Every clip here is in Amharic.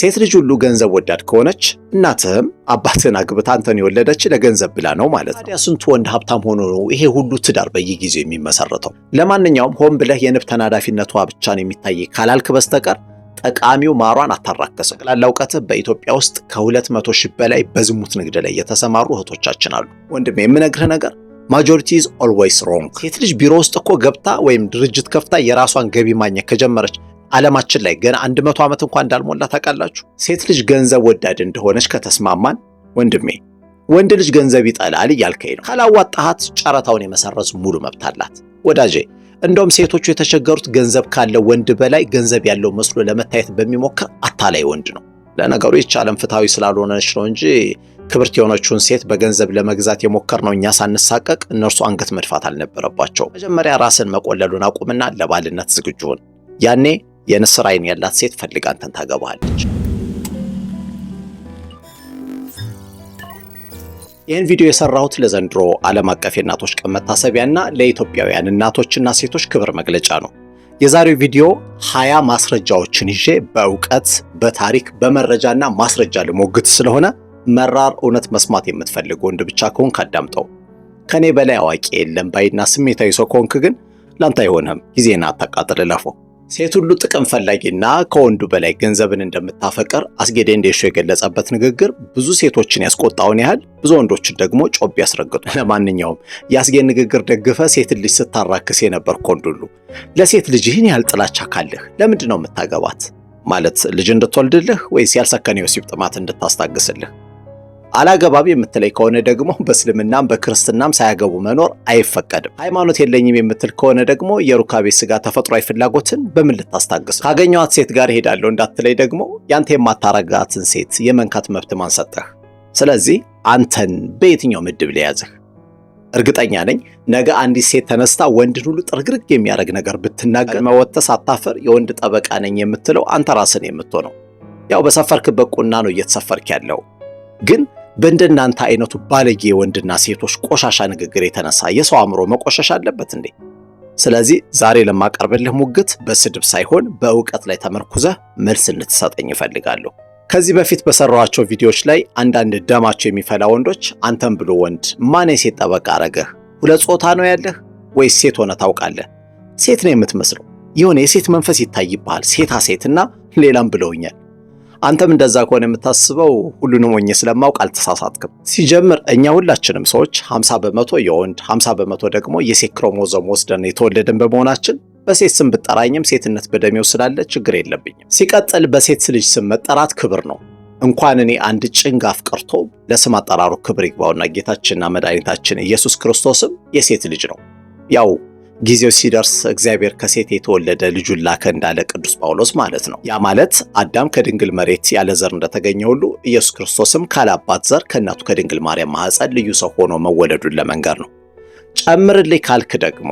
ሴት ልጅ ሁሉ ገንዘብ ወዳድ ከሆነች እናትህም አባትህን አግብታ አንተን የወለደች ለገንዘብ ብላ ነው ማለት ነው። ታዲያ ስንቱ ወንድ ሀብታም ሆኖ ነው ይሄ ሁሉ ትዳር በየጊዜው የሚመሰረተው? ለማንኛውም ሆን ብለህ የንብ ተናዳፊነቷ ብቻ ነው የሚታይ ካላልክ በስተቀር ጠቃሚው ማሯን አታራከሰው። ጠቅላላ እውቀትህ በኢትዮጵያ ውስጥ ከ200 ሺህ በላይ በዝሙት ንግድ ላይ የተሰማሩ እህቶቻችን አሉ። ወንድሜ የምነግርህ ነገር ማጆሪቲ ኢዝ ኦልዌይስ ሮንግ። ሴት ልጅ ቢሮ ውስጥ እኮ ገብታ ወይም ድርጅት ከፍታ የራሷን ገቢ ማግኘት ከጀመረች ዓለማችን ላይ ገና አንድ መቶ ዓመት እንኳን እንዳልሞላ ታውቃላችሁ። ሴት ልጅ ገንዘብ ወዳድ እንደሆነች ከተስማማን ወንድሜ ወንድ ልጅ ገንዘብ ይጠላል እያልከኝ ነው። ካላዋጣሃት ጨረታውን የመሰረዝ ሙሉ መብት አላት ወዳጄ። እንደውም ሴቶቹ የተቸገሩት ገንዘብ ካለው ወንድ በላይ ገንዘብ ያለው መስሎ ለመታየት በሚሞክር አታላይ ወንድ ነው። ለነገሩ ይህች ዓለም ፍትሐዊ ስላልሆነች ነው እንጂ ክብርት የሆነችውን ሴት በገንዘብ ለመግዛት ነው እኛ ሳንሳቀቅ እነርሱ አንገት መድፋት አልነበረባቸው። መጀመሪያ ራስን መቆለሉን አቁምና ለባልነት ዝግጁ ሁን። ያኔ የንስር አይን ያላት ሴት ፈልጋ አንተን ታገባሃለች። ይህን ቪዲዮ የሰራሁት ለዘንድሮ ዓለም አቀፍ የእናቶች ቀን መታሰቢያና ለኢትዮጵያውያን እናቶችና ሴቶች ክብር መግለጫ ነው። የዛሬው ቪዲዮ ሀያ ማስረጃዎችን ይዤ በእውቀት በታሪክ በመረጃና ማስረጃ ልሞግት ስለሆነ መራር እውነት መስማት የምትፈልግ ወንድ ብቻ ከሆንክ አዳምጠው። ከኔ በላይ አዋቂ የለም ባይና ስሜታዊ ሰው ከሆንክ ግን ላንተ አይሆንህም። ጊዜና አታቃጥል ሴት ሁሉ ጥቅም ፈላጊና ከወንዱ በላይ ገንዘብን እንደምታፈቅር አስጌ ዴንዴሾ የገለጸበት ንግግር ብዙ ሴቶችን ያስቆጣውን ያህል ብዙ ወንዶችን ደግሞ ጮቤ ያስረግጡ። ለማንኛውም የአስጌን ንግግር ደግፈ ሴት ልጅ ስታራክስ የነበር ሁሉ ለሴት ልጅ ይህን ያህል ጥላቻ ካለህ ለምንድን ነው የምታገባት? ማለት ልጅ እንድትወልድልህ ወይስ ያልሰከነ የወሲብ ጥማት እንድታስታግስልህ? አላገባብ የምትለይ ከሆነ ደግሞ በእስልምናም በክርስትናም ሳያገቡ መኖር አይፈቀድም። ሃይማኖት የለኝም የምትል ከሆነ ደግሞ የሩካቤ ስጋ ተፈጥሯዊ ፍላጎትን በምን ልታስታግስ? ካገኘኋት ሴት ጋር ሄዳለሁ እንዳትለይ ደግሞ ያንተ የማታረጋትን ሴት የመንካት መብት ማን ሰጠህ? ስለዚህ አንተን በየትኛው ምድብ ሊያዝህ? እርግጠኛ ነኝ ነገ አንዲት ሴት ተነስታ ወንድን ሁሉ ጥርግርግ የሚያደርግ ነገር ብትናገር መወተስ አታፈር የወንድ ጠበቃ ነኝ የምትለው አንተ ራስን የምትሆነው ያው በሰፈርክበት ቁና ነው እየተሰፈርክ ያለው። ግን በእንደናንተ አይነቱ ባለጌ ወንድና ሴቶች ቆሻሻ ንግግር የተነሳ የሰው አእምሮ መቆሸሽ አለበት እንዴ? ስለዚህ ዛሬ ለማቀርብልህ ሙግት በስድብ ሳይሆን በእውቀት ላይ ተመርኩዘህ መልስ እንድትሰጠኝ ይፈልጋለሁ። ከዚህ በፊት በሰራኋቸው ቪዲዮዎች ላይ አንዳንድ ደማቸው የሚፈላ ወንዶች አንተን ብሎ ወንድ ማን የሴት ጠበቃ አረገህ? ሁለት ጾታ ነው ያለህ ወይስ ሴት ሆነ ታውቃለህ? ሴት ነው የምትመስለው፣ የሆነ የሴት መንፈስ ይታይብሃል፣ ሴታ ሴትና ሌላም ብለውኛል። አንተም እንደዛ ከሆነ የምታስበው ሁሉንም ሆኜ ስለማውቅ አልተሳሳትክም። ሲጀምር እኛ ሁላችንም ሰዎች 50 በመቶ የወንድ 50 በመቶ ደግሞ የሴት ክሮሞዞም ወስደን የተወለድን በመሆናችን በሴት ስም ብጠራኝም ሴትነት በደሜው ስላለ ችግር የለብኝም። ሲቀጥል በሴት ልጅ ስም መጠራት ክብር ነው። እንኳን እኔ አንድ ጭንጋፍ ቀርቶ ለስም አጠራሩ ክብር ይግባውና ጌታችንና መድኃኒታችን ኢየሱስ ክርስቶስም የሴት ልጅ ነው ያው ጊዜው ሲደርስ እግዚአብሔር ከሴት የተወለደ ልጁን ላከ እንዳለ ቅዱስ ጳውሎስ ማለት ነው። ያ ማለት አዳም ከድንግል መሬት ያለ ዘር እንደተገኘ ሁሉ ኢየሱስ ክርስቶስም ካላባት ዘር ከእናቱ ከድንግል ማርያም ማኅፀን ልዩ ሰው ሆኖ መወለዱን ለመንገር ነው። ጨምርልኝ ካልክ ደግሞ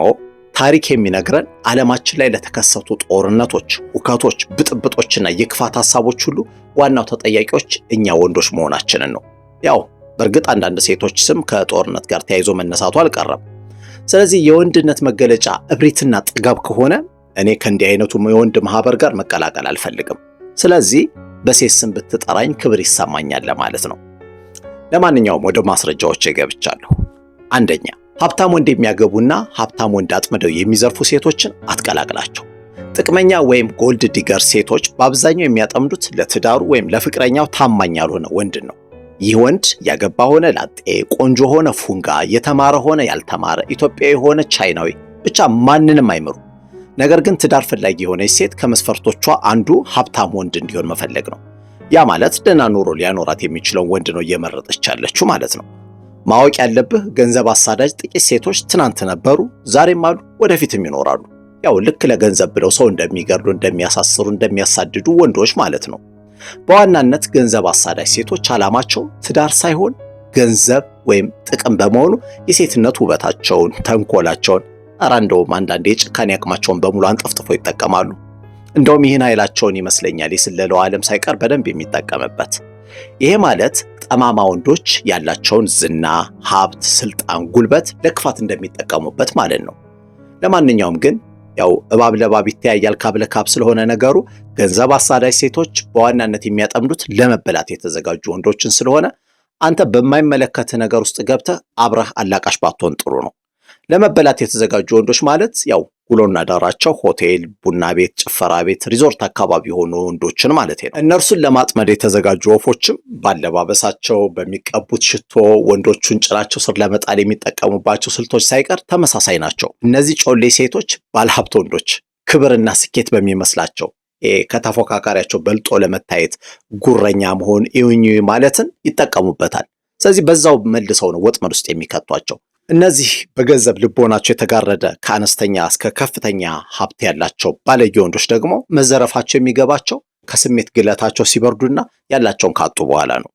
ታሪክ የሚነግረን ዓለማችን ላይ ለተከሰቱ ጦርነቶች፣ ውከቶች፣ ብጥብጦችና የክፋት ሀሳቦች ሁሉ ዋናው ተጠያቂዎች እኛ ወንዶች መሆናችንን ነው። ያው በእርግጥ አንዳንድ ሴቶች ስም ከጦርነት ጋር ተያይዞ መነሳቱ አልቀረም። ስለዚህ የወንድነት መገለጫ እብሪትና ጥጋብ ከሆነ እኔ ከእንዲህ አይነቱ የወንድ ማህበር ጋር መቀላቀል አልፈልግም። ስለዚህ በሴት ስም ብትጠራኝ ክብር ይሰማኛል ለማለት ነው። ለማንኛውም ወደ ማስረጃዎች ገብቻለሁ። አንደኛ ሀብታም ወንድ የሚያገቡና ሀብታም ወንድ አጥምደው የሚዘርፉ ሴቶችን አትቀላቅላቸው። ጥቅመኛ ወይም ጎልድ ዲገር ሴቶች በአብዛኛው የሚያጠምዱት ለትዳሩ ወይም ለፍቅረኛው ታማኝ ያልሆነ ወንድን ነው። ይህ ወንድ ያገባ ሆነ ላጤ፣ ቆንጆ ሆነ ፉንጋ፣ የተማረ ሆነ ያልተማረ፣ ኢትዮጵያዊ ሆነ ቻይናዊ፣ ብቻ ማንንም አይምሩ። ነገር ግን ትዳር ፈላጊ የሆነች ሴት ከመስፈርቶቿ አንዱ ሀብታም ወንድ እንዲሆን መፈለግ ነው። ያ ማለት ደህና ኑሮ ሊያኖራት የሚችለውን ወንድ ነው እየመረጠች ያለችው ማለት ነው። ማወቅ ያለብህ ገንዘብ አሳዳጅ ጥቂት ሴቶች ትናንት ነበሩ፣ ዛሬም አሉ፣ ወደፊትም ይኖራሉ። ያው ልክ ለገንዘብ ብለው ሰው እንደሚገርዱ፣ እንደሚያሳስሩ፣ እንደሚያሳድዱ ወንዶች ማለት ነው። በዋናነት ገንዘብ አሳዳጅ ሴቶች ዓላማቸው ትዳር ሳይሆን ገንዘብ ወይም ጥቅም በመሆኑ የሴትነት ውበታቸውን፣ ተንኮላቸውን ኧረ እንደውም አንዳንዴ የጭካኔ አቅማቸውን በሙሉ አንጠፍጥፎ ይጠቀማሉ። እንደውም ይህን ኃይላቸውን ይመስለኛል የስለለው ዓለም ሳይቀር በደንብ የሚጠቀምበት። ይሄ ማለት ጠማማ ወንዶች ያላቸውን ዝና፣ ሀብት፣ ስልጣን፣ ጉልበት ለክፋት እንደሚጠቀሙበት ማለት ነው። ለማንኛውም ግን ያው እባብ ለእባብ ይተያያል ካብ ለካብ ስለሆነ ነገሩ ገንዘብ አሳዳጅ ሴቶች በዋናነት የሚያጠምዱት ለመበላት የተዘጋጁ ወንዶችን ስለሆነ አንተ በማይመለከት ነገር ውስጥ ገብተህ አብረህ አላቃሽ ባትሆን ጥሩ ነው። ለመበላት የተዘጋጁ ወንዶች ማለት ያው ውሎና ዳራቸው ሆቴል፣ ቡና ቤት፣ ጭፈራ ቤት፣ ሪዞርት አካባቢ የሆኑ ወንዶችን ማለት ነው። እነርሱን ለማጥመድ የተዘጋጁ ወፎችም ባለባበሳቸው፣ በሚቀቡት ሽቶ፣ ወንዶቹን ጭናቸው ስር ለመጣል የሚጠቀሙባቸው ስልቶች ሳይቀር ተመሳሳይ ናቸው። እነዚህ ጮሌ ሴቶች ባለሀብት ወንዶች ክብርና ስኬት በሚመስላቸው ከተፎካካሪያቸው በልጦ ለመታየት ጉረኛ መሆን እዩኝ ማለትን ይጠቀሙበታል። ስለዚህ በዛው መልሰው ነው ወጥመድ ውስጥ የሚከቷቸው። እነዚህ በገንዘብ ልቦናቸው የተጋረደ ከአነስተኛ እስከ ከፍተኛ ሀብት ያላቸው ባለጌ ወንዶች ደግሞ መዘረፋቸው የሚገባቸው ከስሜት ግለታቸው ሲበርዱና ያላቸውን ካጡ በኋላ ነው።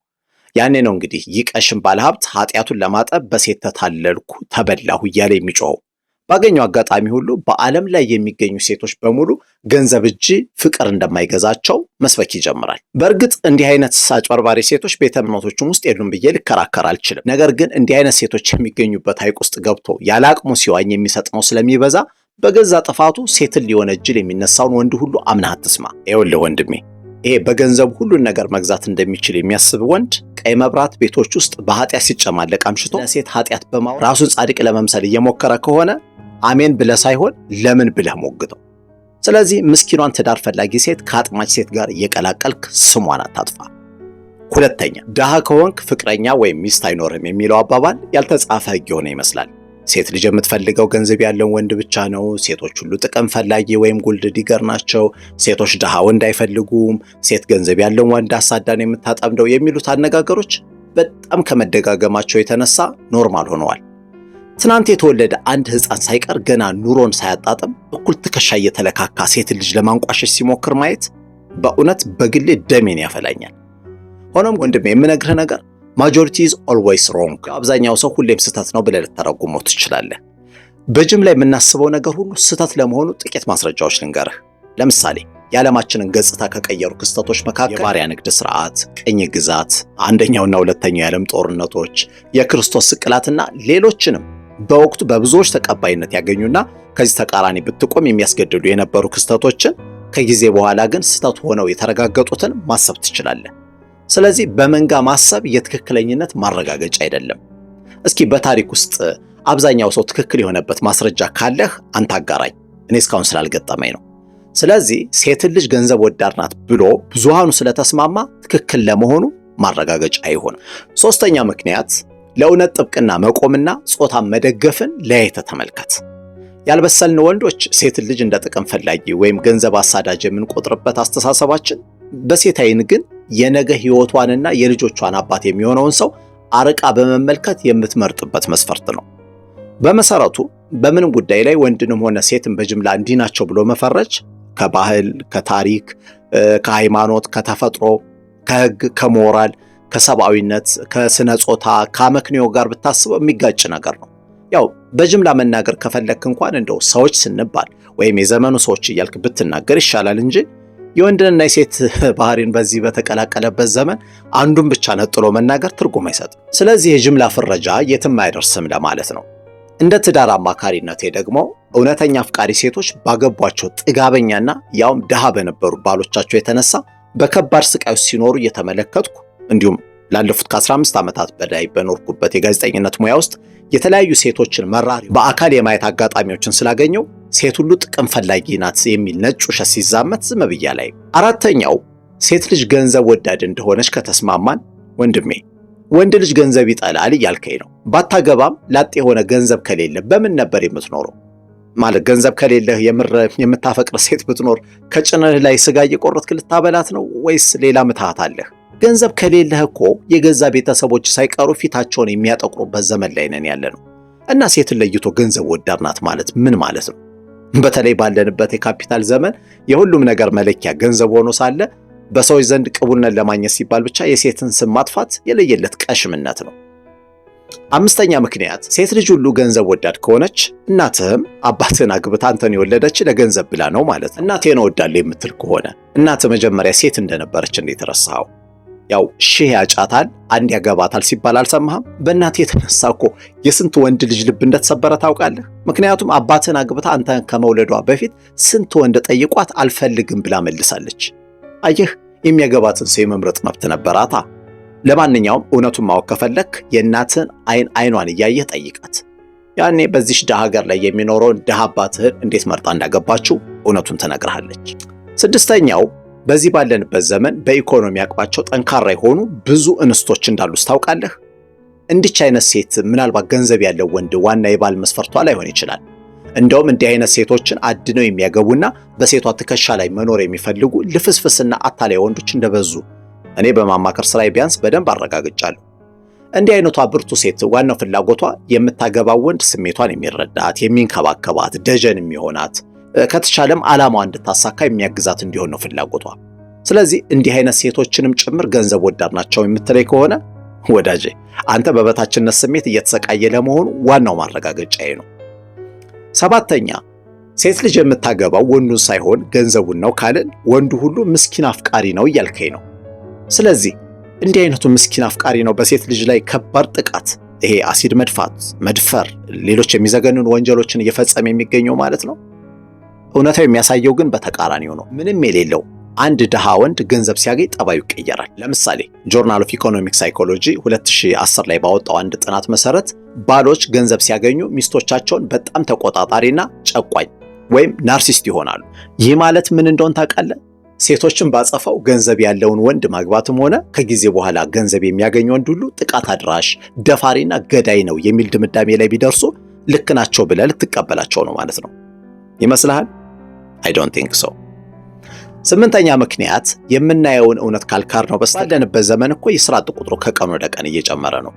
ያኔ ነው እንግዲህ ይህ ባለሀብት ኃጢአቱን ለማጠብ በሴት ተታለልኩ፣ ተበላሁ እያለ የሚጮኸው። ባገኙ አጋጣሚ ሁሉ በዓለም ላይ የሚገኙ ሴቶች በሙሉ ገንዘብ እጅ ፍቅር እንደማይገዛቸው መስበክ ይጀምራል። በእርግጥ እንዲህ አይነት አጭበርባሪ ሴቶች ቤተ እምነቶችም ውስጥ የሉም ብዬ ልከራከር አልችልም። ነገር ግን እንዲህ አይነት ሴቶች የሚገኙበት ሐይቅ ውስጥ ገብቶ ያለ አቅሙ ሲዋኝ ነው ስለሚበዛ በገዛ ጥፋቱ ሴትን እጅል የሚነሳውን ወንድ ሁሉ አምነህ አትስማ። ይኸውልህ ወንድሜ፣ ይሄ በገንዘብ ሁሉን ነገር መግዛት እንደሚችል የሚያስብ ወንድ ቀይ መብራት ቤቶች ውስጥ በኃጢአት ሲጨማለቅ አምሽቶ ለሴት ኃጢአት በማወር ራሱን ጻድቅ ለመምሰል እየሞከረ ከሆነ አሜን ብለህ ሳይሆን ለምን ብለህ ሞግተው። ስለዚህ ምስኪኗን ትዳር ፈላጊ ሴት ከአጥማች ሴት ጋር እየቀላቀልክ ስሟን አታጥፋ። ሁለተኛ ድሃ ከሆንክ ፍቅረኛ ወይም ሚስት አይኖርም የሚለው አባባል ያልተጻፈ ሕግ የሆነ ይመስላል። ሴት ልጅ የምትፈልገው ገንዘብ ያለውን ወንድ ብቻ ነው። ሴቶች ሁሉ ጥቅም ፈላጊ ወይም ጉልድ ዲገር ናቸው። ሴቶች ድሃ ወንድ አይፈልጉም። ሴት ገንዘብ ያለውን ወንድ አሳዳን የምታጠምደው የሚሉት አነጋገሮች በጣም ከመደጋገማቸው የተነሳ ኖርማል ሆነዋል። ትናንት የተወለደ አንድ ህፃን ሳይቀር ገና ኑሮን ሳያጣጥም እኩል ትከሻ እየተለካካ ሴት ልጅ ለማንቋሸሽ ሲሞክር ማየት በእውነት በግሌ ደሜን ያፈላኛል። ሆኖም ወንድሜ የምነግርህ ነገር ማጆሪቲ ኢዝ ኦልዌይስ ሮንግ፣ አብዛኛው ሰው ሁሌም ስህተት ነው ብለህ ልተረጉመው ትችላለህ። በጅምላ የምናስበው ነገር ሁሉ ስህተት ለመሆኑ ጥቂት ማስረጃዎች ልንገርህ። ለምሳሌ የዓለማችንን ገጽታ ከቀየሩ ክስተቶች መካከል የባሪያ ንግድ ስርዓት፣ ቅኝ ግዛት፣ አንደኛውና ሁለተኛው የዓለም ጦርነቶች፣ የክርስቶስ ስቅላትና ሌሎችንም በወቅቱ በብዙዎች ተቀባይነት ያገኙና ከዚህ ተቃራኒ ብትቆም የሚያስገድዱ የነበሩ ክስተቶችን ከጊዜ በኋላ ግን ስህተት ሆነው የተረጋገጡትን ማሰብ ትችላለህ። ስለዚህ በመንጋ ማሰብ የትክክለኝነት ማረጋገጫ አይደለም። እስኪ በታሪክ ውስጥ አብዛኛው ሰው ትክክል የሆነበት ማስረጃ ካለህ አንተ አጋራኝ። እኔ እስካሁን ስላልገጠመኝ ነው። ስለዚህ ሴትን ልጅ ገንዘብ ወዳድ ናት ብሎ ብዙሃኑ ስለተስማማ ትክክል ለመሆኑ ማረጋገጫ አይሆንም። ሶስተኛ ምክንያት ለእውነት ጥብቅና መቆምና ጾታን መደገፍን ለያይተ ተመልከት። ያልበሰልን ወንዶች ሴትን ልጅ እንደ ጥቅም ፈላጊ ወይም ገንዘብ አሳዳጅ የምንቆጥርበት አስተሳሰባችን በሴት አይን ግን የነገ ሕይወቷንና የልጆቿን አባት የሚሆነውን ሰው አርቃ በመመልከት የምትመርጥበት መስፈርት ነው። በመሰረቱ በምንም ጉዳይ ላይ ወንድንም ሆነ ሴትን በጅምላ እንዲህ ናቸው ብሎ መፈረጅ ከባህል፣ ከታሪክ፣ ከሃይማኖት፣ ከተፈጥሮ፣ ከህግ ከሞራል ከሰብአዊነት ከስነ ጾታ ከአመክንዮ ጋር ብታስበው የሚጋጭ ነገር ነው። ያው በጅምላ መናገር ከፈለክ እንኳን እንደው ሰዎች ስንባል ወይም የዘመኑ ሰዎች እያልክ ብትናገር ይሻላል እንጂ የወንድንና የሴት ባህሪን በዚህ በተቀላቀለበት ዘመን አንዱን ብቻ ነጥሎ መናገር ትርጉም አይሰጥም። ስለዚህ የጅምላ ፍረጃ የትም አይደርስም ለማለት ነው። እንደ ትዳር አማካሪነቴ ደግሞ እውነተኛ አፍቃሪ ሴቶች ባገቧቸው ጥጋበኛና ያውም ድሃ በነበሩ ባሎቻቸው የተነሳ በከባድ ስቃይ ሲኖሩ እየተመለከትኩ እንዲሁም ላለፉት ከ15 ዓመታት በላይ በኖርኩበት የጋዜጠኝነት ሙያ ውስጥ የተለያዩ ሴቶችን መራሪ በአካል የማየት አጋጣሚዎችን ስላገኘው ሴት ሁሉ ጥቅም ፈላጊ ናት የሚል ነጭ ውሸት ሲዛመት ዝም ብያ ላይ። አራተኛው ሴት ልጅ ገንዘብ ወዳድ እንደሆነች ከተስማማን፣ ወንድሜ ወንድ ልጅ ገንዘብ ይጠላል እያልከኝ ነው። ባታገባም ላጥ የሆነ ገንዘብ ከሌለ በምን ነበር የምትኖረው? ማለት ገንዘብ ከሌለህ የምር የምታፈቅር ሴት ብትኖር ከጭንህ ላይ ስጋ እየቆረጥክ ልታበላት ነው ወይስ ሌላ ምትሃት አለህ? ገንዘብ ከሌለህ እኮ የገዛ ቤተሰቦች ሳይቀሩ ፊታቸውን የሚያጠቁሩበት ዘመን ላይ ነን ያለ ነው። እና ሴትን ለይቶ ገንዘብ ወዳድ ናት ማለት ምን ማለት ነው? በተለይ ባለንበት የካፒታል ዘመን የሁሉም ነገር መለኪያ ገንዘብ ሆኖ ሳለ በሰዎች ዘንድ ቅቡልነት ለማግኘት ሲባል ብቻ የሴትን ስም ማጥፋት የለየለት ቀሽምነት ነው። አምስተኛ ምክንያት ሴት ልጅ ሁሉ ገንዘብ ወዳድ ከሆነች እናትህም አባትህን አግብታ አንተን የወለደች ለገንዘብ ብላ ነው ማለት። እናቴን እወዳለሁ የምትል ከሆነ እናትህ መጀመሪያ ሴት እንደነበረች እንዴት ረሳኸው? ያው ሺህ ያጫታል አንድ ያገባታል ሲባል አልሰማህም? በእናት የተነሳ እኮ የስንት ወንድ ልጅ ልብ እንደተሰበረ ታውቃለህ? ምክንያቱም አባትን አግብታ አንተ ከመውለዷ በፊት ስንት ወንድ ጠይቋት አልፈልግም ብላ መልሳለች። አየህ፣ የሚያገባትን ሰው የመምረጥ መብት ነበራታ። ለማንኛውም እውነቱን ማወቅ ከፈለክ አይን አይኗን እያየህ ጠይቃት። ያኔ በዚሽ ድሃ ሀገር ላይ የሚኖረውን ድሃ አባትህን እንዴት መርጣ እንዳገባችው እውነቱን ትነግርሃለች። ስድስተኛው በዚህ ባለንበት ዘመን በኢኮኖሚ አቅማቸው ጠንካራ የሆኑ ብዙ እንስቶች እንዳሉ ስታውቃለህ። እንዲች አይነት ሴት ምናልባት ገንዘብ ያለው ወንድ ዋና የባል መስፈርቷ ላይሆን ይችላል። እንደውም እንዲህ አይነት ሴቶችን አድነው የሚያገቡና በሴቷ ትከሻ ላይ መኖር የሚፈልጉ ልፍስፍስና አታላይ ወንዶች እንደበዙ እኔ በማማከር ስራዬ ቢያንስ በደንብ አረጋግጫለሁ። እንዲህ አይነቷ ብርቱ ሴት ዋናው ፍላጎቷ የምታገባው ወንድ ስሜቷን የሚረዳት፣ የሚንከባከባት፣ ደጀን የሚሆናት ከተቻለም ዓላማዋ እንድታሳካ የሚያግዛት እንዲሆን ነው ፍላጎቷ። ስለዚህ እንዲህ አይነት ሴቶችንም ጭምር ገንዘብ ወዳድ ናቸው የምትለይ ከሆነ ወዳጄ አንተ በበታችነት ስሜት እየተሰቃየ ለመሆኑ ዋናው ማረጋገጫዬ ነው። ሰባተኛ ሴት ልጅ የምታገባው ወንዱን ሳይሆን ገንዘቡን ነው ካልን ወንዱ ሁሉ ምስኪን አፍቃሪ ነው እያልከኝ ነው። ስለዚህ እንዲህ አይነቱ ምስኪን አፍቃሪ ነው በሴት ልጅ ላይ ከባድ ጥቃት ይሄ አሲድ መድፋት፣ መድፈር፣ ሌሎች የሚዘገንኑ ወንጀሎችን እየፈጸመ የሚገኘው ማለት ነው። እውነታው የሚያሳየው ግን በተቃራኒው ነው። ምንም የሌለው አንድ ድሃ ወንድ ገንዘብ ሲያገኝ ጠባዩ ይቀየራል። ለምሳሌ ጆርናል ኦፍ ኢኮኖሚክ ሳይኮሎጂ 2010 ላይ ባወጣው አንድ ጥናት መሰረት ባሎች ገንዘብ ሲያገኙ ሚስቶቻቸውን በጣም ተቆጣጣሪና ጨቋኝ ወይም ናርሲስት ይሆናሉ። ይህ ማለት ምን እንደሆነ ታውቃለህ? ሴቶችን ባጸፋው ገንዘብ ያለውን ወንድ ማግባትም ሆነ ከጊዜ በኋላ ገንዘብ የሚያገኝ ወንድ ሁሉ ጥቃት አድራሽ፣ ደፋሪና ገዳይ ነው የሚል ድምዳሜ ላይ ቢደርሱ ልክ ናቸው ብለህ ልትቀበላቸው ነው ማለት ነው። ይመስልሃል? አይ ዶንት ቲንክ ሶ። ስምንተኛ ምክንያት የምናየውን እውነት ካልካር ነው። ባለንበት ዘመን እኮ የስራ አጥ ቁጥሩ ከቀን ወደ ቀን እየጨመረ ነው።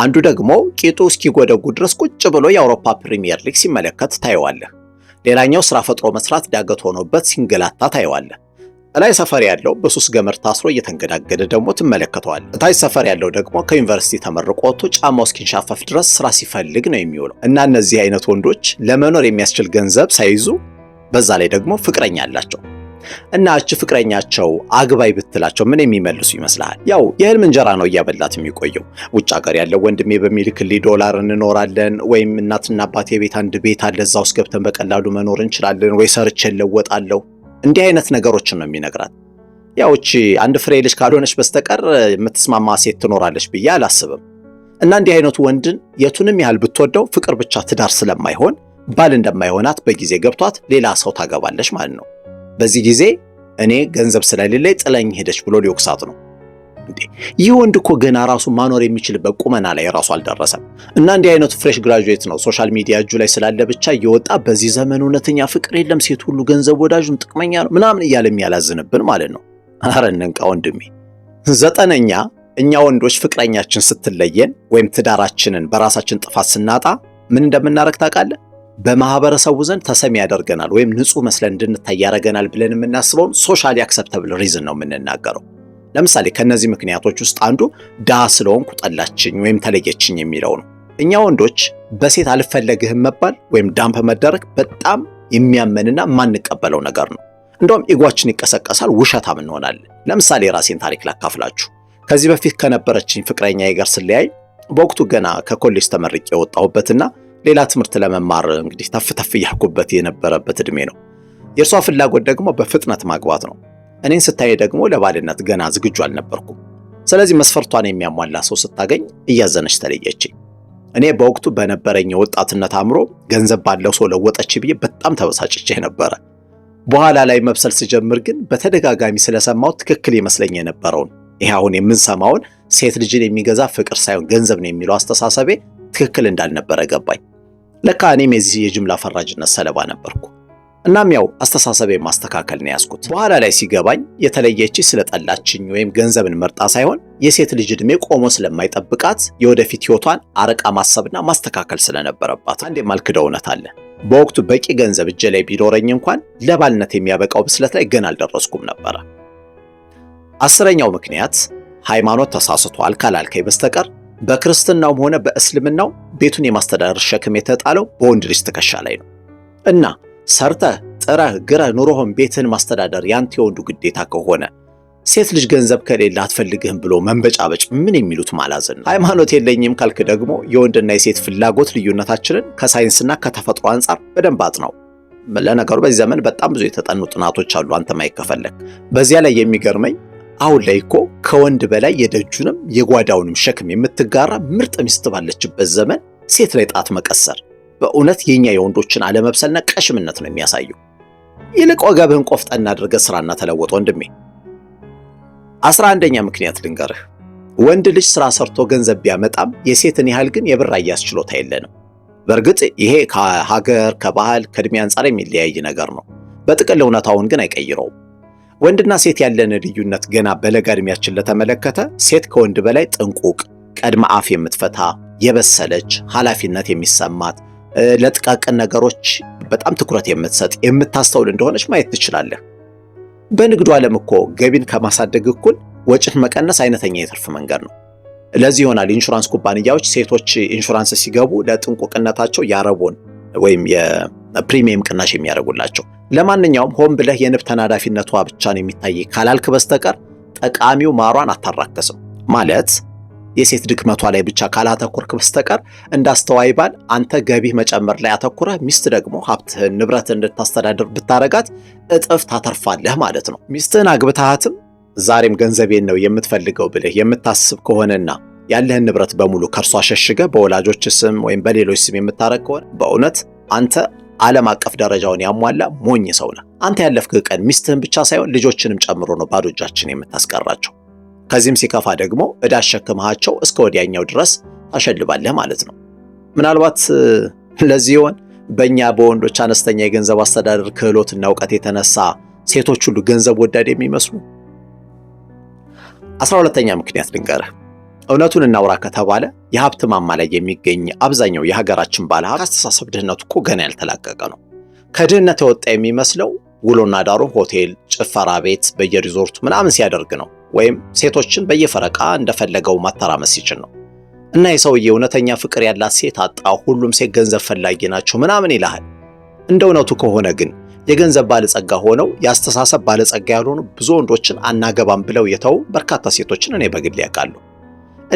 አንዱ ደግሞ ቂጡ እስኪጎደጉ ድረስ ቁጭ ብሎ የአውሮፓ ፕሪሚየር ሊግ ሲመለከት ታየዋለህ። ሌላኛው ስራ ፈጥሮ መስራት ዳገት ሆኖበት ሲንገላታ ታየዋለህ። እላይ ሰፈር ያለው በሱስ ገመድ ታስሮ እየተንገዳገደ ደግሞ ትመለከተዋል። እታች ሰፈር ያለው ደግሞ ከዩኒቨርሲቲ ተመርቆ ወጥቶ ጫማው እስኪንሻፈፍ ድረስ ስራ ሲፈልግ ነው የሚውለው እና እነዚህ አይነት ወንዶች ለመኖር የሚያስችል ገንዘብ ሳይዙ በዛ ላይ ደግሞ ፍቅረኛ አላቸው እና እች ፍቅረኛቸው አግባይ ብትላቸው ምን የሚመልሱ ይመስልሃል? ያው የህልም እንጀራ ነው እያበላት የሚቆየው። ውጭ ሀገር ያለው ወንድሜ በሚልክልኝ ዶላር እንኖራለን፣ ወይም እናትና አባቴ ቤት አንድ ቤት አለ፣ እዛ ውስጥ ገብተን በቀላሉ መኖር እንችላለን፣ ወይ ሰርቼ እለወጣለሁ። እንዲህ አይነት ነገሮችን ነው የሚነግራት። ያው እቺ አንድ ፍሬ ልጅ ካልሆነች በስተቀር የምትስማማ ሴት ትኖራለች ብዬ አላስብም። እና እንዲህ አይነቱ ወንድን የቱንም ያህል ብትወደው ፍቅር ብቻ ትዳር ስለማይሆን ባል እንደማይሆናት በጊዜ ገብቷት ሌላ ሰው ታገባለች ማለት ነው። በዚህ ጊዜ እኔ ገንዘብ ስለሌለ ጥለኝ ሄደች ብሎ ሊወቅሳት ነው። እንዴ ይህ ወንድ እኮ ገና ራሱ ማኖር የሚችልበት ቁመና ላይ ራሱ አልደረሰም። እና እንዲህ አይነቱ ፍሬሽ ግራጁዌት ነው ሶሻል ሚዲያ እጁ ላይ ስላለ ብቻ እየወጣ በዚህ ዘመን እውነተኛ ፍቅር የለም፣ ሴት ሁሉ ገንዘብ ወዳጁን ጥቅመኛ ነው ምናምን እያለ የሚያላዝንብን ማለት ነው። አረ እንንቃ ወንድሜ። ዘጠነኛ እኛ ወንዶች ፍቅረኛችን ስትለየን ወይም ትዳራችንን በራሳችን ጥፋት ስናጣ ምን እንደምናረግ ታውቃለህ? በማህበረሰቡ ዘንድ ተሰሚ ያደርገናል ወይም ንጹህ መስለን እንድንታይ ያደርገናል ብለን የምናስበውን ሶሻሊ አክሰፕተብል ሪዝን ነው የምንናገረው። ለምሳሌ ከእነዚህ ምክንያቶች ውስጥ አንዱ ዳ ስለሆንኩ ጠላችኝ ወይም ተለየችኝ የሚለው ነው። እኛ ወንዶች በሴት አልፈለግህም መባል ወይም ዳምፕ መደረግ በጣም የሚያመንና የማንቀበለው ነገር ነው። እንደውም ኢጓችን ይቀሰቀሳል፣ ውሸታም እንሆናለን። ለምሳሌ የራሴን ታሪክ ላካፍላችሁ። ከዚህ በፊት ከነበረችኝ ፍቅረኛ ጋር ስለያይ በወቅቱ ገና ከኮሌጅ ተመርቄ የወጣሁበትና ሌላ ትምህርት ለመማር እንግዲህ ተፍ ተፍ እያልኩበት የነበረበት እድሜ ነው። የእርሷ ፍላጎት ደግሞ በፍጥነት ማግባት ነው። እኔን ስታይ ደግሞ ለባልነት ገና ዝግጁ አልነበርኩም። ስለዚህ መስፈርቷን የሚያሟላ ሰው ስታገኝ እያዘነች ተለየችኝ። እኔ በወቅቱ በነበረኝ የወጣትነት አእምሮ ገንዘብ ባለው ሰው ለወጠች ብዬ በጣም ተበሳጭቼ ነበረ። በኋላ ላይ መብሰል ስጀምር ግን በተደጋጋሚ ስለሰማው ትክክል ይመስለኝ የነበረውን ይህ አሁን የምንሰማውን ሴት ልጅን የሚገዛ ፍቅር ሳይሆን ገንዘብ ነው የሚለው አስተሳሰቤ ትክክል እንዳልነበረ ገባኝ። ለካ እኔም የዚህ የጅምላ ፈራጅነት ሰለባ ነበርኩ። እናም ያው አስተሳሰብ ማስተካከል ነው ያዝኩት። በኋላ ላይ ሲገባኝ የተለየች ስለጠላችኝ ወይም ገንዘብን መርጣ ሳይሆን የሴት ልጅ እድሜ ቆሞ ስለማይጠብቃት የወደፊት ህይወቷን አረቃ ማሰብና ማስተካከል ስለነበረባት። አንድ የማልክደው እውነት አለ። በወቅቱ በቂ ገንዘብ እጄ ላይ ቢኖረኝ እንኳን ለባልነት የሚያበቃው ብስለት ላይ ገና አልደረስኩም ነበረ። አስረኛው ምክንያት ሃይማኖት ተሳስቷል ካላልከኝ በስተቀር በክርስትናውም ሆነ በእስልምናው ቤቱን የማስተዳደር ሸክም የተጣለው በወንድ ልጅ ትከሻ ላይ ነው እና ሰርተህ ጥረህ ግረህ ኑሮህን ቤትን ማስተዳደር ያንተ የወንዱ ግዴታ ከሆነ ሴት ልጅ ገንዘብ ከሌለ አትፈልግህም ብሎ መንበጫበጭ ምን የሚሉት ማላዘን ነው። ሃይማኖት የለኝም ካልክ ደግሞ የወንድና የሴት ፍላጎት ልዩነታችንን ከሳይንስና ከተፈጥሮ አንጻር በደንብ አጥናው። ለነገሩ በዚህ ዘመን በጣም ብዙ የተጠኑ ጥናቶች አሉ አንተ ማይከፈለግ። በዚያ ላይ የሚገርመኝ አሁን ላይ እኮ ከወንድ በላይ የደጁንም የጓዳውንም ሸክም የምትጋራ ምርጥ ሚስት ባለችበት ዘመን ሴት ላይ ጣት መቀሰር በእውነት የኛ የወንዶችን አለመብሰልና ቀሽምነት ነው የሚያሳየው። ይልቅ ወገብህን ቆፍጠና አድርገ ስራና ተለወጥ ወንድሜ። አስራ አንደኛ ምክንያት ልንገርህ። ወንድ ልጅ ስራ ሰርቶ ገንዘብ ቢያመጣም የሴትን ያህል ግን የብር አያያዝ ችሎታ የለንም። በእርግጥ ይሄ ከሀገር ከባህል ከእድሜ አንጻር የሚለያይ ነገር ነው። በጥቅል እውነታውን ግን አይቀይረውም። ወንድና ሴት ያለን ልዩነት ገና በለጋ ዕድሜያችን ለተመለከተ ሴት ከወንድ በላይ ጥንቁቅ፣ ቀድመ አፍ የምትፈታ የበሰለች፣ ኃላፊነት የሚሰማት ለጥቃቅን ነገሮች በጣም ትኩረት የምትሰጥ የምታስተውል እንደሆነች ማየት ትችላለህ። በንግዱ ዓለም እኮ ገቢን ከማሳደግ እኩል ወጭን መቀነስ አይነተኛ የትርፍ መንገድ ነው። ለዚህ ይሆናል ኢንሹራንስ ኩባንያዎች ሴቶች ኢንሹራንስ ሲገቡ ለጥንቁቅነታቸው ያረቡን ወይም የፕሪሚየም ቅናሽ የሚያደርጉላቸው። ለማንኛውም ሆን ብለህ የንብ ተናዳፊነቷ ብቻ ነው የሚታይ ካላልክ በስተቀር ጠቃሚው ማሯን አታራከሰው ማለት የሴት ድክመቷ ላይ ብቻ ካላተኮርክ በስተቀር እንዳስተዋይ ባል አንተ ገቢህ መጨመር ላይ አተኩረህ ሚስት ደግሞ ሀብትህን ንብረት እንድታስተዳድር ብታረጋት እጥፍ ታተርፋለህ ማለት ነው። ሚስትህን አግብታሃትም ዛሬም ገንዘቤን ነው የምትፈልገው ብልህ የምታስብ ከሆነና ያለህን ንብረት በሙሉ ከእርሷ ሸሽገ በወላጆች ስም ወይም በሌሎች ስም የምታረግ ከሆነ በእውነት አንተ ዓለም አቀፍ ደረጃውን ያሟላ ሞኝ ሰው ነህ። አንተ ያለፍክህ ቀን ሚስትህን ብቻ ሳይሆን ልጆችንም ጨምሮ ነው ባዶ እጃችን የምታስቀራቸው። ከዚህም ሲከፋ ደግሞ ዕዳ አሸክመሃቸው እስከ ወዲያኛው ድረስ ታሸልባለህ ማለት ነው። ምናልባት ለዚህ ይሆን በእኛ በወንዶች አነስተኛ የገንዘብ አስተዳደር ክህሎትና እውቀት የተነሳ ሴቶች ሁሉ ገንዘብ ወዳድ የሚመስሉ። አስራ ሁለተኛ ምክንያት ልንገርህ። እውነቱን እናውራ ከተባለ የሀብት ማማ ላይ የሚገኝ አብዛኛው የሀገራችን ባለሀብት አስተሳሰብ ድህነቱ እኮ ገና ያልተላቀቀ ነው። ከድህነት የወጣ የሚመስለው ውሎና ዳሩ ሆቴል፣ ጭፈራ ቤት በየሪዞርቱ ምናምን ሲያደርግ ነው። ወይም ሴቶችን በየፈረቃ እንደፈለገው ማተራመስ ሲችል ነው። እና የሰውዬ እውነተኛ ፍቅር ያላት ሴት አጣ፣ ሁሉም ሴት ገንዘብ ፈላጊ ናቸው ምናምን ይልሃል። እንደ እውነቱ ከሆነ ግን የገንዘብ ባለጸጋ ሆነው የአስተሳሰብ ባለጸጋ ያልሆኑ ብዙ ወንዶችን አናገባም ብለው የተው በርካታ ሴቶችን እኔ በግል ያውቃለሁ።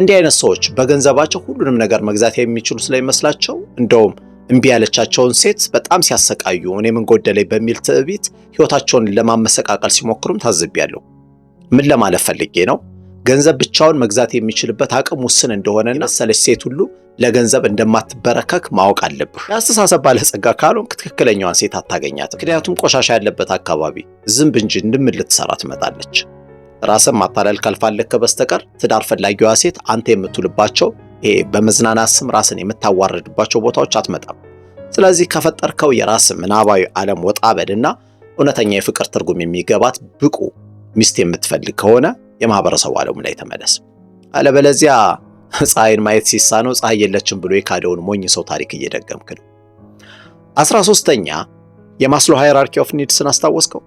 እንዲህ አይነት ሰዎች በገንዘባቸው ሁሉንም ነገር መግዛት የሚችሉ ስለሚመስላቸው እንደውም እምቢ ያለቻቸውን ሴት በጣም ሲያሰቃዩ እኔ ምን ጎደለኝ በሚል ትዕቢት ሕይወታቸውን ለማመሰቃቀል ሲሞክሩም ታዝቢያለሁ ምን ለማለት ፈልጌ ነው? ገንዘብ ብቻውን መግዛት የሚችልበት አቅም ውስን እንደሆነና ሰለች ሴት ሁሉ ለገንዘብ እንደማትበረከክ ማወቅ አለብህ። የአስተሳሰብ ባለጸጋ ካልሆንክ ትክክለኛዋን ሴት አታገኛትም። ምክንያቱም ቆሻሻ ያለበት አካባቢ ዝንብ እንጂ እንድምን ልትሰራ ትመጣለች። ራስን ማታለል ካልፈለግክ በስተቀር ትዳር ፈላጊዋ ሴት አንተ የምትውልባቸው ይሄ በመዝናናት ስም ራስን የምታዋርድባቸው ቦታዎች አትመጣም። ስለዚህ ከፈጠርከው የራስ ምናባዊ ዓለም ወጣ በድና እውነተኛ የፍቅር ትርጉም የሚገባት ብቁ ሚስት የምትፈልግ ከሆነ የማህበረሰቡ ዓለም ላይ ተመለስ። አለበለዚያ ፀሐይን ማየት ሲሳነው ፀሐይ የለችም ብሎ የካደውን ሞኝ ሰው ታሪክ እየደገምክ ነው። አስራ ሶስተኛ የማስሎ ሃይራርኪ ኦፍ ኒድስን አስታወስከው?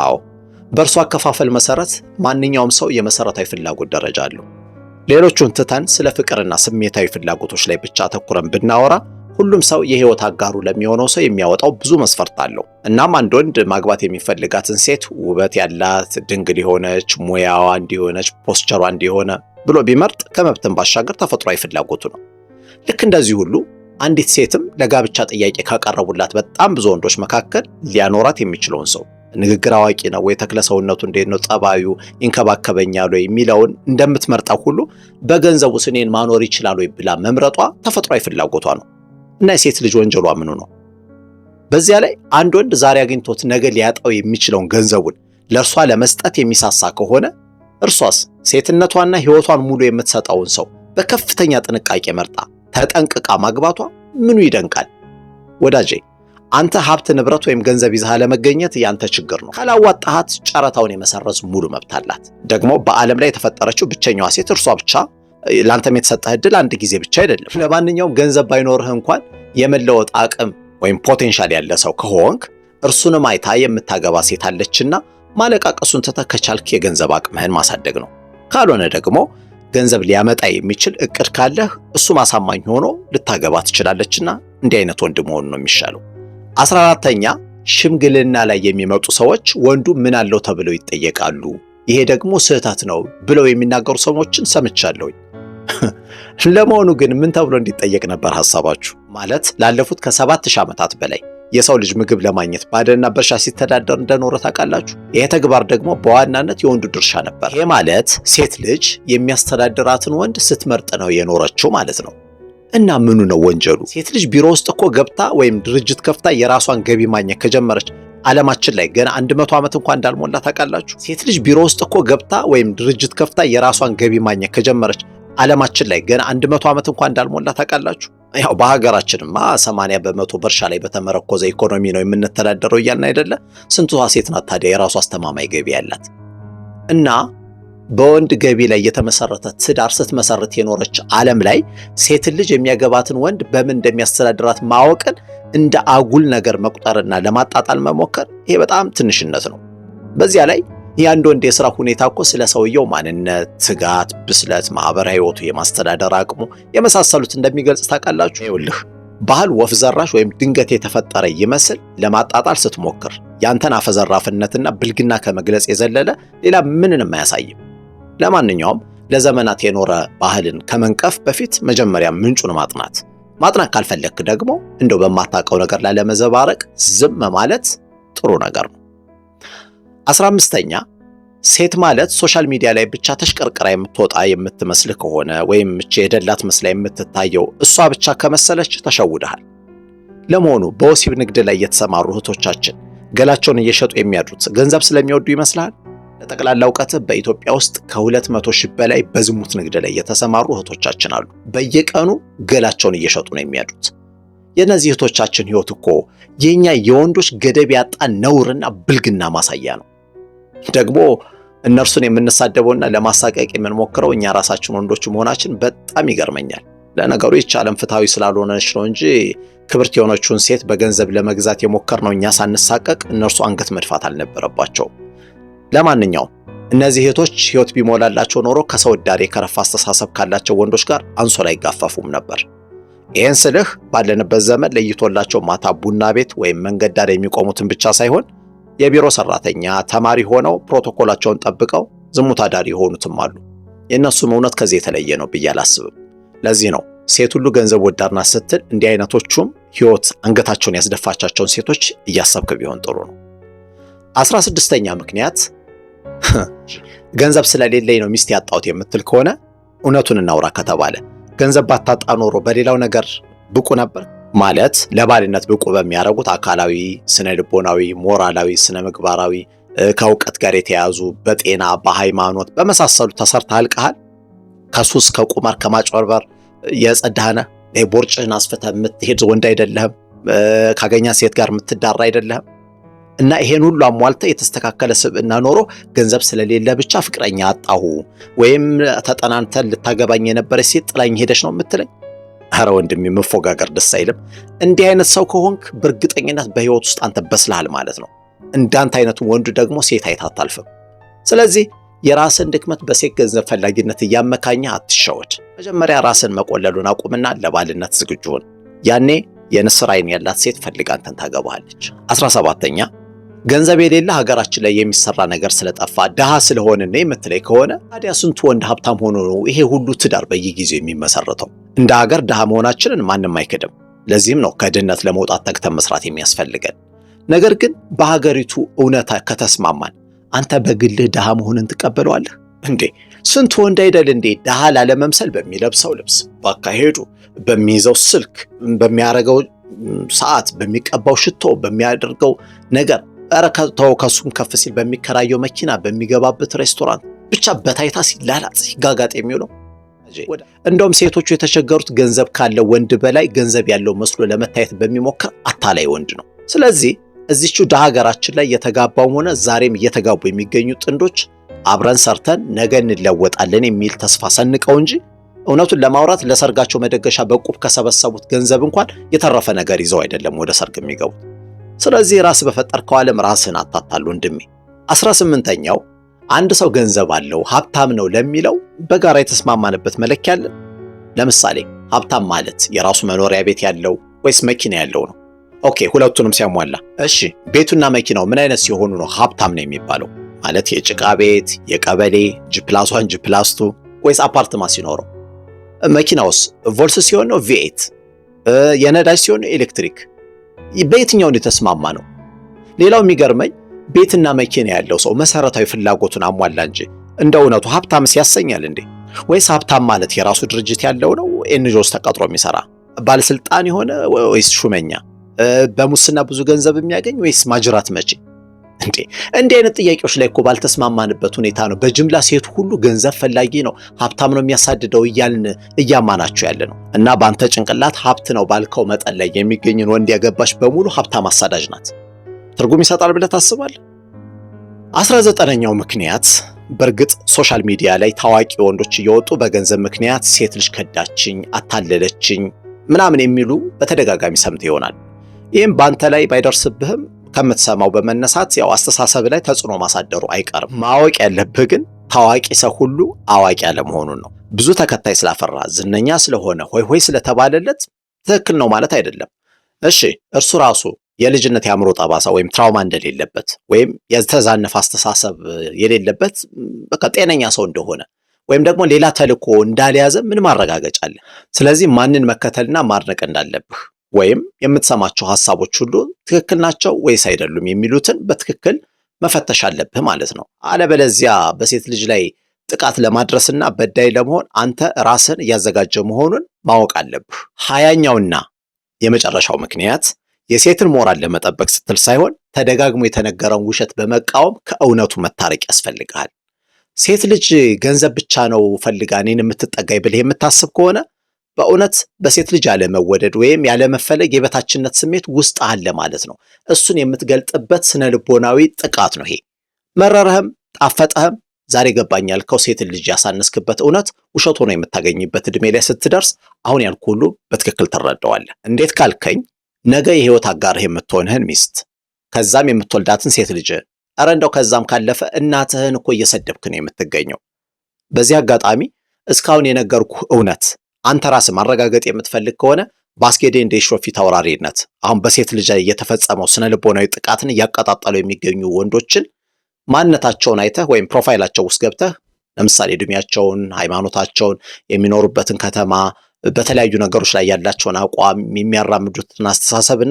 አዎ በእርሱ አከፋፈል መሰረት ማንኛውም ሰው የመሰረታዊ ፍላጎት ደረጃ አለው። ሌሎቹን ትተን ስለ ፍቅርና ስሜታዊ ፍላጎቶች ላይ ብቻ አተኩረን ብናወራ ሁሉም ሰው የህይወት አጋሩ ለሚሆነው ሰው የሚያወጣው ብዙ መስፈርት አለው። እናም አንድ ወንድ ማግባት የሚፈልጋትን ሴት ውበት ያላት፣ ድንግል የሆነች፣ ሙያዋ እንዲሆነች፣ ፖስቸሯ እንዲሆነ ብሎ ቢመርጥ ከመብትን ባሻገር ተፈጥሯዊ ፍላጎቱ ነው። ልክ እንደዚህ ሁሉ አንዲት ሴትም ለጋብቻ ጥያቄ ካቀረቡላት በጣም ብዙ ወንዶች መካከል ሊያኖራት የሚችለውን ሰው ንግግር አዋቂ ነው ወይ፣ ተክለ ሰውነቱ እንዴት ነው ጸባዩ፣ ይንከባከበኛል ወይ የሚለውን እንደምትመርጠው ሁሉ በገንዘቡ ስኔን ማኖር ይችላል ወይ ብላ መምረጧ ተፈጥሯዊ ፍላጎቷ ነው እና የሴት ልጅ ወንጀሏ ምኑ ነው? በዚያ ላይ አንድ ወንድ ዛሬ አግኝቶት ነገ ሊያጣው የሚችለውን ገንዘቡን ለእርሷ ለመስጠት የሚሳሳ ከሆነ እርሷስ ሴትነቷና ሕይወቷን ሙሉ የምትሰጠውን ሰው በከፍተኛ ጥንቃቄ መርጣ ተጠንቅቃ ማግባቷ ምኑ ይደንቃል? ወዳጄ አንተ ሀብት ንብረት ወይም ገንዘብ ይዘሃ ለመገኘት ያንተ ችግር ነው። ካላዋጣሃት ጨረታውን የመሰረዝ ሙሉ መብት አላት። ደግሞ በዓለም ላይ የተፈጠረችው ብቸኛዋ ሴት እርሷ ብቻ። ላንተም የተሰጠህ እድል አንድ ጊዜ ብቻ አይደለም። ለማንኛውም ገንዘብ ባይኖርህ እንኳን የመለወጥ አቅም ወይም ፖቴንሻል ያለ ሰው ከሆንክ እርሱንም አይታ የምታገባ ሴት አለችና ማለቃቀሱን ትተህ ከቻልክ የገንዘብ አቅምህን ማሳደግ ነው። ካልሆነ ደግሞ ገንዘብ ሊያመጣ የሚችል እቅድ ካለህ እሱ ማሳማኝ ሆኖ ልታገባ ትችላለችና እንዲህ አይነት ወንድ መሆኑ ነው የሚሻለው። አስራ አራተኛ ሽምግልና ላይ የሚመጡ ሰዎች ወንዱ ምን አለው ተብለው ይጠየቃሉ። ይሄ ደግሞ ስህተት ነው ብለው የሚናገሩ ሰዎችን ሰምቻለሁኝ። ለመሆኑ ግን ምን ተብሎ እንዲጠየቅ ነበር ሐሳባችሁ? ማለት ላለፉት ከሰባት ሺህ ዓመታት በላይ የሰው ልጅ ምግብ ለማግኘት ባደና በእርሻ ሲተዳደር እንደኖረ ታውቃላችሁ። ይሄ ተግባር ደግሞ በዋናነት የወንዱ ድርሻ ነበር። ይሄ ማለት ሴት ልጅ የሚያስተዳድራትን ወንድ ስትመርጥ ነው የኖረችው ማለት ነው። እና ምኑ ነው ወንጀሉ? ሴት ልጅ ቢሮ ውስጥ እኮ ገብታ ወይም ድርጅት ከፍታ የራሷን ገቢ ማግኘት ከጀመረች ዓለማችን ላይ ገና አንድ መቶ ዓመት እንኳን እንዳልሞላ ታውቃላችሁ። ሴት ልጅ ቢሮ ውስጥ እኮ ገብታ ወይም ድርጅት ከፍታ የራሷን ገቢ ማግኘት ከጀመረች ዓለማችን ላይ ገና አንድ መቶ ዓመት እንኳን እንዳልሞላ ታውቃላችሁ። ያው በሀገራችንማ ሰማንያ በመቶ በእርሻ ላይ በተመረኮዘ ኢኮኖሚ ነው የምንተዳደረው እያልን አይደለ? ስንቷ ሴት ናት ታዲያ የራሷ አስተማማኝ ገቢ ያላት እና በወንድ ገቢ ላይ የተመሰረተ ትዳር ስትመሰርት የኖረች ዓለም ላይ ሴትን ልጅ የሚያገባትን ወንድ በምን እንደሚያስተዳድራት ማወቅን እንደ አጉል ነገር መቁጠርና ለማጣጣል መሞከር ይሄ በጣም ትንሽነት ነው። በዚያ ላይ የአንድ ወንድ የሥራ ሁኔታ እኮ ስለ ሰውየው ማንነት፣ ትጋት፣ ብስለት፣ ማኅበራዊ ሕይወቱ፣ የማስተዳደር አቅሙ የመሳሰሉት እንደሚገልጽ ታውቃላችሁ። ይኸውልህ ባህል ወፍ ዘራሽ ወይም ድንገት የተፈጠረ ይመስል ለማጣጣል ስትሞክር ያንተን አፈዘራፍነትና ብልግና ከመግለጽ የዘለለ ሌላ ምንንም አያሳይም። ለማንኛውም ለዘመናት የኖረ ባህልን ከመንቀፍ በፊት መጀመሪያ ምንጩን ማጥናት፣ ማጥናት ካልፈለግክ ደግሞ እንደው በማታውቀው ነገር ላይ ለመዘባረቅ ዝም ማለት ጥሩ ነገር ነው። አስራ አምስተኛ ሴት ማለት ሶሻል ሚዲያ ላይ ብቻ ተሽቀርቅራ የምትወጣ የምትመስል ከሆነ ወይም እቺ የደላት መስላ የምትታየው እሷ ብቻ ከመሰለች ተሸውደሃል። ለመሆኑ በወሲብ ንግድ ላይ የተሰማሩ እህቶቻችን ገላቸውን እየሸጡ የሚያድሩት ገንዘብ ስለሚወዱ ይመስልሃል? ለጠቅላላ እውቀት በኢትዮጵያ ውስጥ ከ200 ሺህ በላይ በዝሙት ንግድ ላይ የተሰማሩ እህቶቻችን አሉ። በየቀኑ ገላቸውን እየሸጡ ነው የሚያዱት። የእነዚህ እህቶቻችን ህይወት እኮ የኛ የወንዶች ገደብ ያጣ ነውርና ብልግና ማሳያ ነው። ደግሞ እነርሱን የምንሳደበውና ለማሳቀቅ የምንሞክረው እኛ ራሳችን ወንዶች መሆናችን በጣም ይገርመኛል። ለነገሩ ይህች ዓለም ፍትሐዊ ስላልሆነች ነው እንጂ ክብርት የሆነችውን ሴት በገንዘብ ለመግዛት የሞከርነው እኛ ሳንሳቀቅ፣ እነርሱ አንገት መድፋት አልነበረባቸው። ለማንኛውም እነዚህ እህቶች ህይወት ቢሞላላቸው ኖሮ ከሰው ዳር የከረፋ አስተሳሰብ ካላቸው ወንዶች ጋር አንሶላ አይጋፋፉም ነበር። ይህን ስልህ ባለንበት ዘመን ለይቶላቸው ማታ ቡና ቤት ወይም መንገድ ዳር የሚቆሙትን ብቻ ሳይሆን የቢሮ ሰራተኛ፣ ተማሪ ሆነው ፕሮቶኮላቸውን ጠብቀው ዝሙት አዳሪ የሆኑትም አሉ። የእነሱም እውነት ከዚህ የተለየ ነው ብዬ አላስብም። ለዚህ ነው ሴት ሁሉ ገንዘብ ወዳድና ስትል እንዲህ አይነቶቹም ህይወት አንገታቸውን ያስደፋቻቸውን ሴቶች እያሰብክ ቢሆን ጥሩ ነው። አስራ ስድስተኛ ምክንያት ገንዘብ ስለሌለኝ ነው ሚስት ያጣሁት የምትል ከሆነ እውነቱን እናውራ ከተባለ ገንዘብ ባታጣ ኖሮ በሌላው ነገር ብቁ ነበር ማለት ለባልነት ብቁ በሚያደርጉት አካላዊ፣ ስነ ልቦናዊ፣ ሞራላዊ፣ ስነ ምግባራዊ ከእውቀት ጋር የተያዙ በጤና በሃይማኖት በመሳሰሉ ተሰርታ አልቀሃል። ከሱስ ከቁማር ከማጭበርበር የጸዳህነ ቦርጭህን አስፍተህ የምትሄድ ወንድ አይደለህም። ካገኛ ሴት ጋር የምትዳራ አይደለህም። እና ይሄን ሁሉ አሟልተ የተስተካከለ ስብዕና ኖሮ ገንዘብ ስለሌለ ብቻ ፍቅረኛ አጣሁ ወይም ተጠናንተ ልታገባኝ የነበረች ሴት ጥላኝ ሄደች ነው የምትለኝ? አረ ወንድሜ መፎጋገር ደስ አይልም። እንዲህ አይነት ሰው ከሆንክ በእርግጠኝነት በህይወት ውስጥ አንተ በስልሃል ማለት ነው። እንዳንተ አይነቱ ወንድ ደግሞ ሴት አይታ አታልፍም። ስለዚህ የራስን ድክመት በሴት ገንዘብ ፈላጊነት እያመካኘ አትሸወድ። መጀመሪያ ራስን መቆለሉን አቁምና ለባልነት ዝግጁ ሁን። ያኔ የንስር አይን ያላት ሴት ፈልጋ አንተን ታገባሃለች። 17ኛ ገንዘብ የሌለ ሀገራችን ላይ የሚሰራ ነገር ስለጠፋ ድሃ ስለሆንና የምትለይ ከሆነ ታዲያ ስንቱ ወንድ ሀብታም ሆኖ ነው ይሄ ሁሉ ትዳር በየጊዜው የሚመሰረተው? እንደ ሀገር ድሃ መሆናችንን ማንም አይክድም። ለዚህም ነው ከድህነት ለመውጣት ተግተን መስራት የሚያስፈልገን። ነገር ግን በሀገሪቱ እውነታ ከተስማማን አንተ በግልህ ድሃ መሆንን ትቀበለዋለህ እንዴ? ስንት ወንድ አይደል እንዴ ድሃ ላለመምሰል በሚለብሰው ልብስ፣ በካሄዱ በሚይዘው ስልክ፣ በሚያረገው ሰዓት፣ በሚቀባው ሽቶ፣ በሚያደርገው ነገር ኧረ ተው ከሱም ከፍ ሲል በሚከራየው መኪና በሚገባበት ሬስቶራንት ብቻ በታይታ ሲላላ ሲጋጋጥ የሚውለው እንደውም ሴቶቹ የተቸገሩት ገንዘብ ካለው ወንድ በላይ ገንዘብ ያለው መስሎ ለመታየት በሚሞክር አታላይ ወንድ ነው። ስለዚህ እዚቹ ደሃ ሀገራችን ላይ የተጋባውም ሆነ ዛሬም እየተጋቡ የሚገኙ ጥንዶች አብረን ሰርተን ነገ እንለወጣለን የሚል ተስፋ ሰንቀው እንጂ እውነቱን ለማውራት ለሰርጋቸው መደገሻ በቁብ ከሰበሰቡት ገንዘብ እንኳን የተረፈ ነገር ይዘው አይደለም ወደ ሰርግ የሚገቡት። ስለዚህ ራስ በፈጠርከው ዓለም ራስህን አታታል ወንድሜ። አስራ ስምንተኛው አንድ ሰው ገንዘብ አለው ሀብታም ነው ለሚለው በጋራ የተስማማንበት መለኪያ አለን። ለምሳሌ ሀብታም ማለት የራሱ መኖሪያ ቤት ያለው ወይስ መኪና ያለው ነው? ኦኬ ሁለቱንም ሲያሟላ። እሺ ቤቱና መኪናው ምን አይነት ሲሆኑ ነው ሀብታም ነው የሚባለው? ማለት የጭቃ ቤት፣ የቀበሌ ጅፕላሷን ጅፕላስቱ ጂፕላስ ቱ ወይስ አፓርትማ ሲኖረው? መኪናውስ ቮልስ ሲሆን ነው ቪኤት፣ የነዳጅ ሲሆን ኤሌክትሪክ በየትኛው የተስማማ ነው? ሌላው የሚገርመኝ ቤትና መኪና ያለው ሰው መሰረታዊ ፍላጎቱን አሟላ እንጂ እንደ እውነቱ ሀብታምስ ያሰኛል እንዴ? ወይስ ሀብታም ማለት የራሱ ድርጅት ያለው ነው? ኤንጆስ ተቀጥሮ የሚሰራ ባለስልጣን የሆነ ወይስ ሹመኛ? በሙስና ብዙ ገንዘብ የሚያገኝ ወይስ ማጅራት መቼ እንዴ እንዲህ አይነት ጥያቄዎች ላይ እኮ ባልተስማማንበት ሁኔታ ነው በጅምላ ሴት ሁሉ ገንዘብ ፈላጊ ነው፣ ሀብታም ነው የሚያሳድደው እያልን እያማናቸው ያለ ነው። እና በአንተ ጭንቅላት ሀብት ነው ባልከው መጠን ላይ የሚገኝን ወንድ ያገባች በሙሉ ሀብታም አሳዳጅ ናት። ትርጉም ይሰጣል ብለህ ታስባለህ? አስራ ዘጠነኛው ምክንያት በእርግጥ ሶሻል ሚዲያ ላይ ታዋቂ ወንዶች እየወጡ በገንዘብ ምክንያት ሴት ልጅ ከዳችኝ፣ አታለለችኝ ምናምን የሚሉ በተደጋጋሚ ሰምተህ ይሆናል። ይህም በአንተ ላይ ባይደርስብህም ከምትሰማው በመነሳት ያው አስተሳሰብ ላይ ተጽዕኖ ማሳደሩ አይቀርም። ማወቅ ያለብህ ግን ታዋቂ ሰው ሁሉ አዋቂ አለመሆኑን ነው። ብዙ ተከታይ ስላፈራ ዝነኛ ስለሆነ ሆይ ሆይ ስለተባለለት ትክክል ነው ማለት አይደለም። እሺ እርሱ ራሱ የልጅነት የአእምሮ ጠባሳ ወይም ትራውማ እንደሌለበት ወይም የተዛነፈ አስተሳሰብ የሌለበት በቃ ጤነኛ ሰው እንደሆነ ወይም ደግሞ ሌላ ተልዕኮ እንዳልያዘ ምን ማረጋገጫ አለ? ስለዚህ ማንን መከተልና ማድነቅ እንዳለብህ ወይም የምትሰማቸው ሐሳቦች ሁሉ ትክክል ናቸው ወይስ አይደሉም የሚሉትን በትክክል መፈተሽ አለብህ ማለት ነው። አለበለዚያ በሴት ልጅ ላይ ጥቃት ለማድረስና በዳይ ለመሆን አንተ ራስን እያዘጋጀ መሆኑን ማወቅ አለብህ። ሀያኛውና የመጨረሻው ምክንያት የሴትን ሞራል ለመጠበቅ ስትል ሳይሆን ተደጋግሞ የተነገረውን ውሸት በመቃወም ከእውነቱ መታረቅ ያስፈልግሃል። ሴት ልጅ ገንዘብ ብቻ ነው ፈልጋ እኔን የምትጠጋኝ ብለህ የምታስብ ከሆነ በእውነት በሴት ልጅ ያለመወደድ ወይም ያለመፈለግ የበታችነት ስሜት ውስጥ አለ ማለት ነው። እሱን የምትገልጥበት ስነ ልቦናዊ ጥቃት ነው ይሄ። መረረህም ጣፈጠህም ዛሬ ገባኝ ያልከው ሴትን ልጅ ያሳነስክበት እውነት ውሸት ሆኖ የምታገኝበት እድሜ ላይ ስትደርስ አሁን ያልኩ ሁሉ በትክክል ትረዳዋለህ። እንዴት ካልከኝ ነገ የህይወት አጋርህ የምትሆንህን ሚስት ከዛም የምትወልዳትን ሴት ልጅ እረ እንደው ከዛም ካለፈ እናትህን እኮ እየሰደብክ ነው የምትገኘው። በዚህ አጋጣሚ እስካሁን የነገርኩ እውነት አንተ ራስህ ማረጋገጥ የምትፈልግ ከሆነ ባስኬዴ እንዴሾ ፊት አውራሪነት አሁን በሴት ልጅ ላይ የተፈጸመው ስነ ልቦናዊ ጥቃትን እያቀጣጠሉ የሚገኙ ወንዶችን ማንነታቸውን አይተህ ወይም ፕሮፋይላቸው ውስጥ ገብተህ ለምሳሌ እድሜያቸውን፣ ሃይማኖታቸውን፣ የሚኖሩበትን ከተማ፣ በተለያዩ ነገሮች ላይ ያላቸውን አቋም፣ የሚያራምዱትን አስተሳሰብ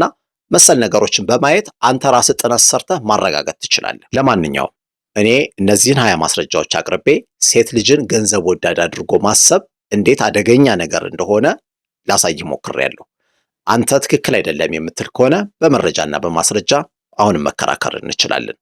መሰል ነገሮችን በማየት አንተ ራስ ጥናት ሰርተህ ማረጋገጥ ትችላለህ። ለማንኛውም እኔ እነዚህን ሀያ ማስረጃዎች አቅርቤ ሴት ልጅን ገንዘብ ወዳድ አድርጎ ማሰብ እንዴት አደገኛ ነገር እንደሆነ ላሳይ ሞክሬያለሁ። አንተ ትክክል አይደለም የምትል ከሆነ በመረጃና በማስረጃ አሁንም መከራከር እንችላለን።